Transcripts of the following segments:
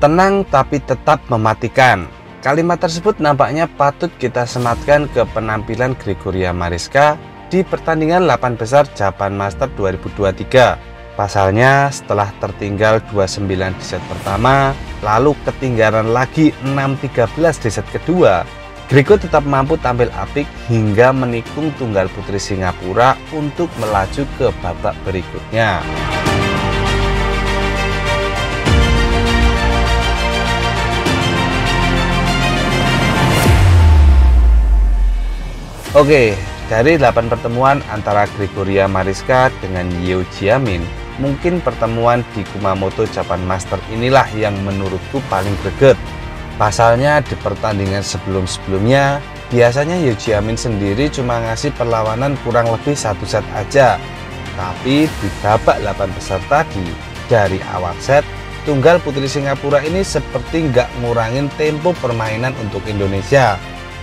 Tenang tapi tetap mematikan. Kalimat tersebut nampaknya patut kita sematkan ke penampilan Gregoria Mariska di pertandingan 8 besar Japan Master 2023. Pasalnya setelah tertinggal 29 di set pertama, lalu ketinggalan lagi 6-13 di set kedua, Grego tetap mampu tampil apik hingga menikung tunggal putri Singapura untuk melaju ke babak berikutnya. Oke, dari 8 pertemuan antara Gregoria Mariska dengan Yeo Jiamin, mungkin pertemuan di Kumamoto Japan Master inilah yang menurutku paling greget. Pasalnya di pertandingan sebelum-sebelumnya, biasanya Yeo Jiamin sendiri cuma ngasih perlawanan kurang lebih satu set aja. Tapi di babak 8 besar tadi, dari awal set, tunggal putri Singapura ini seperti nggak ngurangin tempo permainan untuk Indonesia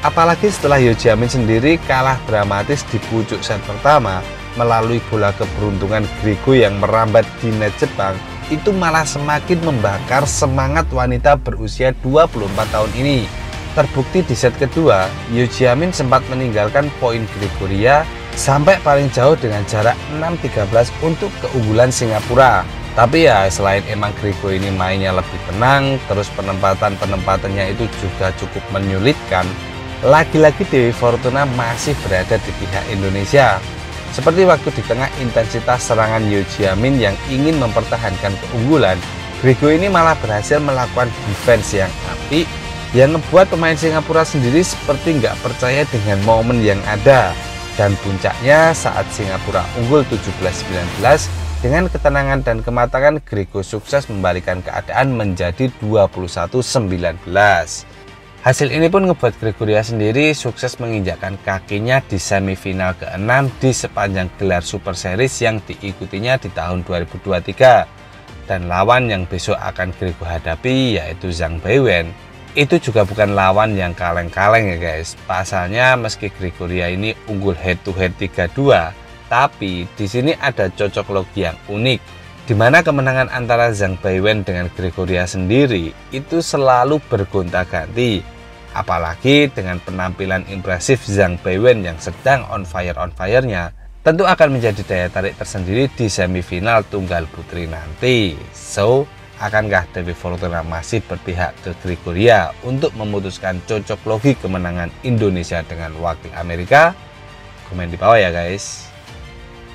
Apalagi setelah Yojamin sendiri kalah dramatis di pucuk set pertama melalui bola keberuntungan Grego yang merambat di net Jepang itu malah semakin membakar semangat wanita berusia 24 tahun ini. Terbukti di set kedua, Yojiamin sempat meninggalkan poin Gregoria sampai paling jauh dengan jarak 6-13 untuk keunggulan Singapura. Tapi ya selain emang Grego ini mainnya lebih tenang, terus penempatan-penempatannya itu juga cukup menyulitkan, lagi-lagi Dewi Fortuna masih berada di pihak Indonesia. Seperti waktu di tengah intensitas serangan Yojiamin yang ingin mempertahankan keunggulan, Grego ini malah berhasil melakukan defense yang api yang membuat pemain Singapura sendiri seperti nggak percaya dengan momen yang ada. Dan puncaknya saat Singapura unggul 17-19, dengan ketenangan dan kematangan Grego sukses membalikan keadaan menjadi 21-19. Hasil ini pun ngebuat Gregoria sendiri sukses menginjakkan kakinya di semifinal ke-6 di sepanjang gelar Super Series yang diikutinya di tahun 2023. Dan lawan yang besok akan Grego hadapi yaitu Zhang Beiwen. Itu juga bukan lawan yang kaleng-kaleng ya guys. Pasalnya meski Gregoria ini unggul head to head 3-2, tapi di sini ada cocok logi yang unik di mana kemenangan antara Zhang Baiwen dengan Gregoria sendiri itu selalu bergonta-ganti Apalagi dengan penampilan impresif Zhang Beiwen yang sedang on fire-on fire-nya, tentu akan menjadi daya tarik tersendiri di semifinal tunggal putri nanti. So, akankah Dewi Fortuna masih berpihak ke Gregoria untuk memutuskan cocok logi kemenangan Indonesia dengan wakil Amerika? Komen di bawah ya guys.